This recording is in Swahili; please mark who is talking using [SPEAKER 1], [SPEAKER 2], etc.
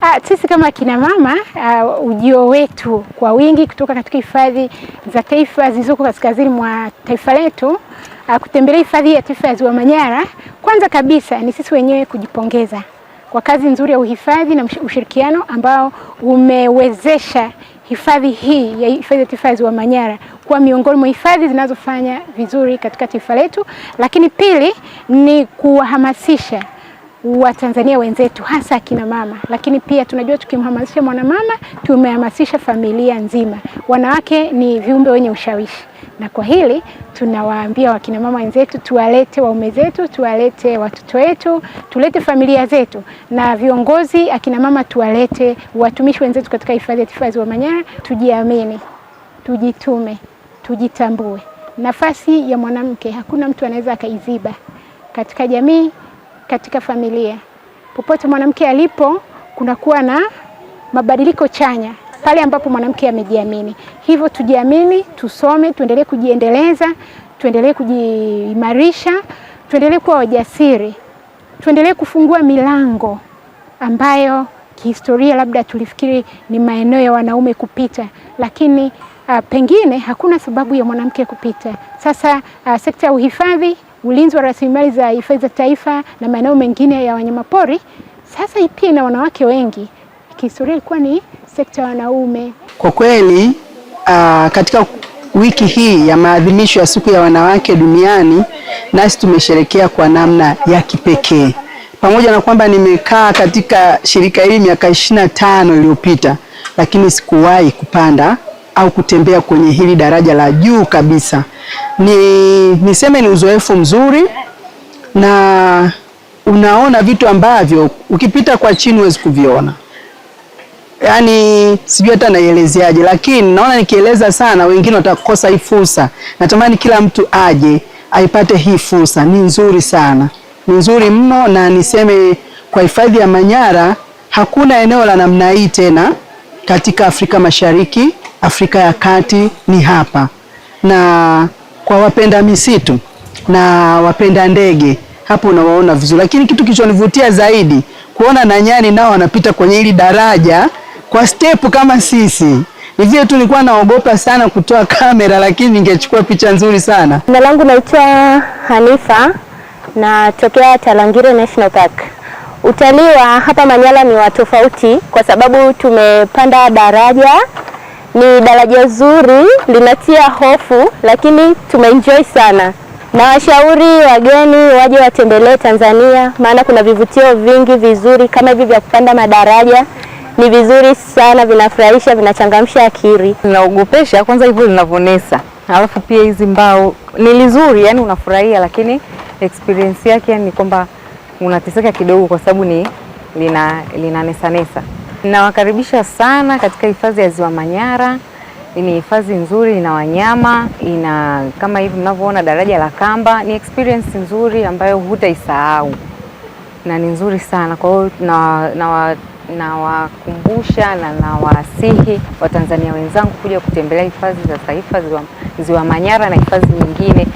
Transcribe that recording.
[SPEAKER 1] Ah, sisi kama kina mama uh, ujio wetu kwa wingi kutoka katika hifadhi za taifa zilizoko kaskazini mwa taifa letu uh, kutembelea hifadhi ya taifa ya Ziwa Manyara, kwanza kabisa ni sisi wenyewe kujipongeza kwa kazi nzuri ya uhifadhi na ushirikiano ambao umewezesha hifadhi hii ya hifadhi ya taifa ya Ziwa Manyara kuwa miongoni mwa hifadhi zinazofanya vizuri katika taifa letu, lakini pili ni kuwahamasisha Watanzania wenzetu hasa akina mama, lakini pia tunajua tukimhamasisha mwanamama tumehamasisha familia nzima. Wanawake ni viumbe wenye ushawishi, na kwa hili tunawaambia wakina mama wenzetu, tuwalete waume zetu, tuwalete watoto wetu, tulete familia zetu, na viongozi akina mama tuwalete watumishi wenzetu katika hifadhi ya Taifa ya Ziwa Manyara. Tujiamini, tujitume, tujitambue. Nafasi ya mwanamke hakuna mtu anaweza akaiziba katika jamii katika familia. Popote mwanamke alipo, kunakuwa na mabadiliko chanya pale ambapo mwanamke amejiamini. Hivyo tujiamini, tusome, tuendelee kujiendeleza, tuendelee kujiimarisha, tuendelee kuwa wajasiri, tuendelee kufungua milango ambayo kihistoria labda tulifikiri ni maeneo ya wanaume kupita, lakini uh, pengine hakuna sababu ya mwanamke kupita. Sasa uh, sekta ya uhifadhi ulinzi wa rasilimali za hifadhi za taifa na maeneo mengine ya wanyamapori. Sasa pia ina wanawake wengi, kihistoria ilikuwa ni sekta ya wanaume.
[SPEAKER 2] Kwa kweli aa, ah, katika wiki hii ya maadhimisho ya siku ya wanawake duniani, nasi tumesherekea kwa namna ya kipekee. Pamoja na kwamba nimekaa katika shirika hili miaka ishirini na tano iliyopita, lakini sikuwahi kupanda au kutembea kwenye hili daraja la juu kabisa. Ni niseme ni uzoefu mzuri na unaona vitu ambavyo ukipita kwa chini huwezi kuviona. Yaani sijui hata naielezeaje, lakini naona nikieleza sana wengine watakosa hii fursa. Natamani kila mtu aje aipate hii fursa, ni nzuri sana, ni nzuri mno, na niseme kwa hifadhi ya Manyara hakuna eneo la namna hii tena katika Afrika Mashariki. Afrika ya Kati ni hapa, na kwa wapenda misitu na wapenda ndege hapo unawaona vizuri, lakini kitu kilichonivutia zaidi kuona na nyani nao wanapita kwenye hili daraja kwa step kama sisi. Ni vile tu nilikuwa naogopa sana kutoa kamera, lakini ningechukua picha nzuri sana.
[SPEAKER 3] Jina langu naitwa Hanifa, natokea Tarangire National Park. Utalii wa hapa Manyara ni wa tofauti kwa sababu tumepanda daraja ni daraja zuri, linatia hofu, lakini tumeenjoy sana na washauri wageni waje watembelee Tanzania, maana kuna vivutio vingi vizuri kama hivi vya kupanda madaraja. Ni vizuri sana, vinafurahisha, vinachangamsha akili.
[SPEAKER 4] Linaogopesha kwanza hivyo linavonesa alafu pia hizi mbao ni lizuri, yani unafurahia, lakini experience yake ni kwamba unateseka kidogo, kwa sababu ni lina linanesanesa. Nawakaribisha sana katika hifadhi ya Ziwa Manyara. Ni hifadhi nzuri, ina wanyama, ina kama hivi mnavyoona daraja la kamba. Ni experience nzuri ambayo hutaisahau na ni nzuri sana. Kwa hiyo nawakumbusha na nawasihi na, na, na Watanzania wenzangu kuja kutembelea hifadhi za taifa Ziwa, Ziwa Manyara na hifadhi nyingine.